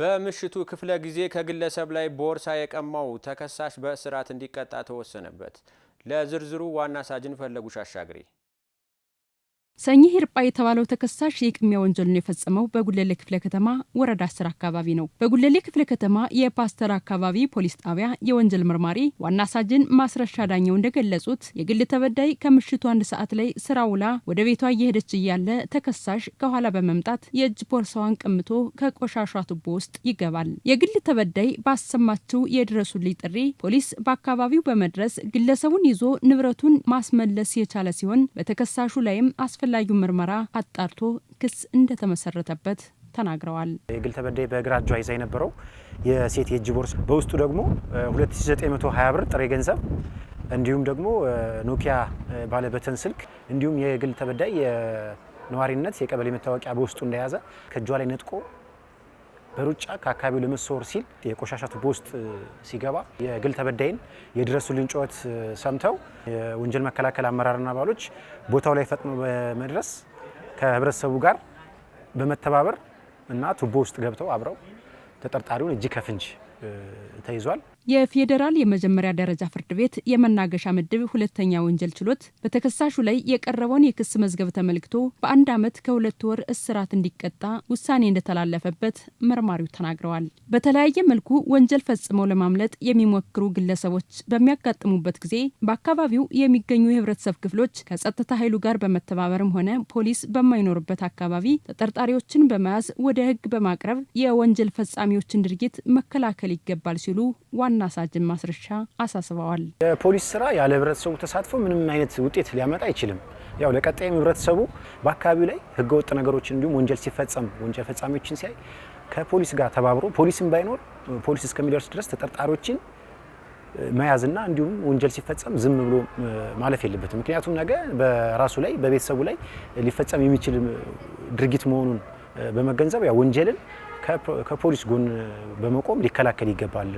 በምሽቱ ክፍለ ጊዜ ከግለሰብ ላይ ቦርሳ የቀማው ተከሳሽ በእስራት እንዲቀጣ ተወሰነበት። ለዝርዝሩ ዋና ሳጅን ፈለጉሽ አሻግሬ ሰኚ ሂርጳ የተባለው ተከሳሽ የቅሚያ ወንጀሉን የፈጸመው በጉለሌ ክፍለ ከተማ ወረዳ አስር አካባቢ ነው። በጉለሌ ክፍለ ከተማ የፓስተር አካባቢ ፖሊስ ጣቢያ የወንጀል ምርማሪ ዋና ሳጅን ማስረሻ ዳኘው እንደገለጹት የግል ተበዳይ ከምሽቱ አንድ ሰዓት ላይ ስራ ውላ ወደ ቤቷ እየሄደች እያለ ተከሳሽ ከኋላ በመምጣት የእጅ ቦርሳዋን ቀምቶ ከቆሻሿ ቱቦ ውስጥ ይገባል። የግል ተበዳይ ባሰማችው የድረሱልኝ ጥሪ ፖሊስ በአካባቢው በመድረስ ግለሰቡን ይዞ ንብረቱን ማስመለስ የቻለ ሲሆን በተከሳሹ ላይም አስፈ አስፈላጊው ምርመራ አጣርቶ ክስ እንደተመሰረተበት ተናግረዋል። የግል ተበዳይ በግራ እጇ ይዛ የነበረው የሴት የእጅ ቦርስ በውስጡ ደግሞ 2920 ብር ጥሬ ገንዘብ እንዲሁም ደግሞ ኖኪያ ባለበተን ስልክ እንዲሁም የግል ተበዳይ የነዋሪነት የቀበሌ መታወቂያ በውስጡ እንደያዘ ከእጇ ላይ ነጥቆ በሩጫ ከአካባቢው ለመሰወር ሲል የቆሻሻ ቱቦ ውስጥ ሲገባ የግል ተበዳይን የድረሱልን ጩኸት ሰምተው የወንጀል መከላከል አመራርና አባሎች ቦታው ላይ ፈጥኖ በመድረስ ከህብረተሰቡ ጋር በመተባበር እና ቱቦ ውስጥ ገብተው አብረው ተጠርጣሪውን እጅ ከፍንጅ ተይዟል። የፌዴራል የመጀመሪያ ደረጃ ፍርድ ቤት የመናገሻ ምድብ ሁለተኛ ወንጀል ችሎት በተከሳሹ ላይ የቀረበውን የክስ መዝገብ ተመልክቶ በአንድ ዓመት ከሁለት ወር እስራት እንዲቀጣ ውሳኔ እንደተላለፈበት መርማሪው ተናግረዋል። በተለያየ መልኩ ወንጀል ፈጽመው ለማምለጥ የሚሞክሩ ግለሰቦች በሚያጋጥሙበት ጊዜ በአካባቢው የሚገኙ የህብረተሰብ ክፍሎች ከጸጥታ ኃይሉ ጋር በመተባበርም ሆነ ፖሊስ በማይኖርበት አካባቢ ተጠርጣሪዎችን በመያዝ ወደ ህግ በማቅረብ የወንጀል ፈጻሚዎችን ድርጊት መከላከል ይገባል ሲሉ ዋና ሳጅን ማስረሻ አሳስበዋል። የፖሊስ ስራ ያለ ህብረተሰቡ ተሳትፎ ምንም አይነት ውጤት ሊያመጣ አይችልም። ያው ለቀጣይም ህብረተሰቡ በአካባቢው ላይ ህገወጥ ነገሮችን እንዲሁም ወንጀል ሲፈጸም ወንጀል ፈጻሚዎችን ሲያይ ከፖሊስ ጋር ተባብሮ ፖሊስም ባይኖር ፖሊስ እስከሚደርስ ድረስ ተጠርጣሪዎችን መያዝና እንዲሁም ወንጀል ሲፈጸም ዝም ብሎ ማለፍ የለበትም። ምክንያቱም ነገ በራሱ ላይ በቤተሰቡ ላይ ሊፈጸም የሚችል ድርጊት መሆኑን በመገንዘብ ያ ወንጀልን ከፖሊስ ጎን በመቆም ሊከላከል ይገባል።